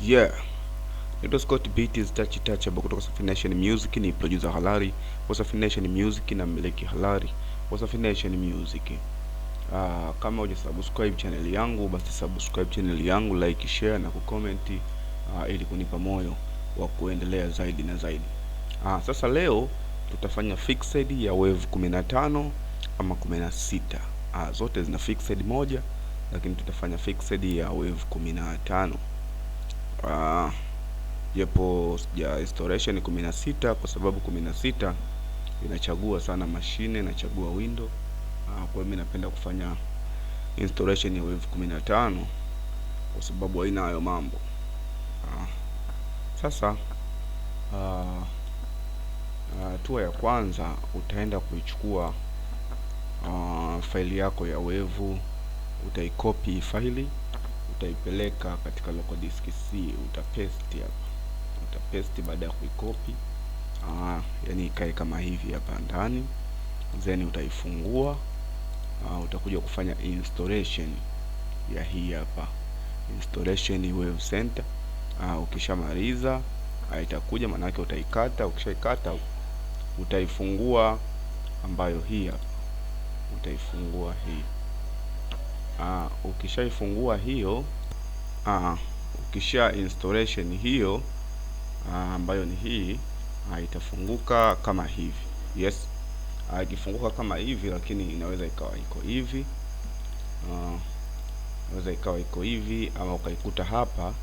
Yeah. Nito Scott Beatz Touch Touch ambao kutoka Safi Nation Music ni producer halali wa Safi Nation Music na mmiliki halali wa Safi Nation Music. Ah, kama subscribe channel yangu basi subscribe channel yangu, like, share na kucomment ah, ili kunipa moyo wa kuendelea zaidi na zaidi. Ah, sasa leo tutafanya fixed ya wave 15 ama 16. Ah, zote zina fixed moja lakini tutafanya fixed ya wave 15 uh, ya installation kumi na sita kwa sababu kumi na sita inachagua sana mashine, inachagua window uh, kwa hiyo mimi napenda kufanya installation ya Wave kumi na tano kwa sababu haina hayo mambo uh, sasa ah, hatua uh, uh, ya kwanza utaenda kuichukua uh, faili yako ya wevu utaikopi faili utaipeleka katika local disk C, utapaste hapa, utapaste baada ya kuikopi ah, yani ikae kama hivi hapa ndani, then utaifungua ah, utakuja kufanya installation ya hii hapa installation Wave Center. ah, ukishamaliza ah, itakuja maana yake utaikata. Ukishaikata utaifungua ambayo hii hapa, utaifungua hii uh, ukishaifungua hiyo uh, ukisha installation hiyo uh, ambayo ni hii uh, itafunguka kama hivi yes. uh, ikifunguka kama hivi, lakini inaweza ikawa iko hivi uh, inaweza ikawa iko hivi ama ukaikuta hapa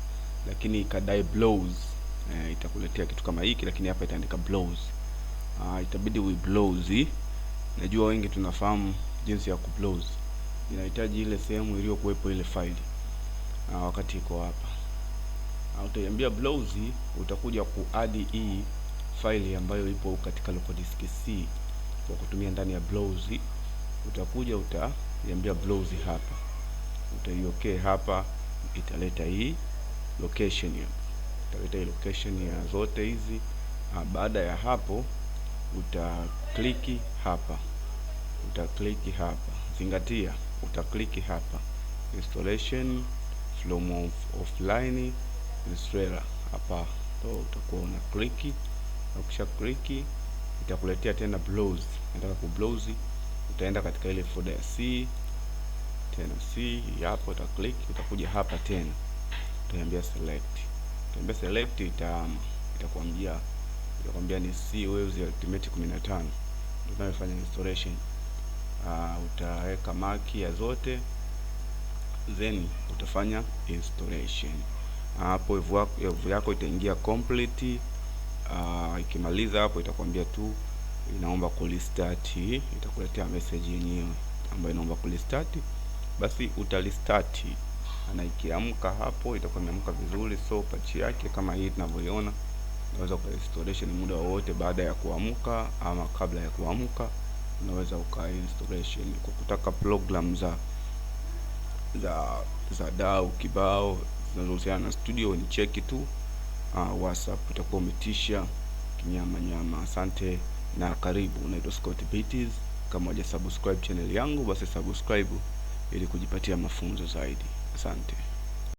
lakini ikadai blows uh, eh, itakuletea kitu kama hiki, lakini hapa itaandika blows. uh, itabidi we blows. Najua wengi tunafahamu jinsi ya kublows inahitaji ile sehemu iliyokuwepo ile faili na wakati iko hapa, utaiambia browse, utakuja kuadi hii e faili ambayo ipo katika local disk C kwa kutumia ndani ya browse, utakuja utaiambia browse hapa, utaiokee hapa, italeta hii location ya italeta hii location ya zote hizi. Baada ya hapo utakliki hapa, utakliki hapa, zingatia utakliki hapa installation from offline installer hapa, so utakuwa una kliki na ukisha kliki itakuletea tena browse. Nataka ku browse, utaenda katika ile folder ya C tena C hapo, uta click, utakuja hapa tena utaambia select, utaambia select, ita itakwambia itakwambia ni C wewe Ultimate 15 ndio unayofanya installation uh, utaweka maki ya zote then utafanya installation ah, hapo. Uh, evu yako itaingia complete. Uh, ikimaliza hapo itakwambia tu inaomba kulistart, itakuletea message yenyewe ambayo inaomba kulistart, basi utalistart na ikiamka hapo itakuwa imeamka vizuri. So pachi yake kama hii tunavyoiona, unaweza installation muda wowote baada ya kuamka ama kabla ya kuamka unaweza uka installation kwa kutaka program za za za dau kibao zinazohusiana na studio, ni cheki tu uh, WhatsApp utakuwa umetisha kinyama nyama. Asante na karibu. unaitwa Scott Beatz. Kama hujasubscribe channel yangu, basi subscribe ili kujipatia mafunzo zaidi. Asante.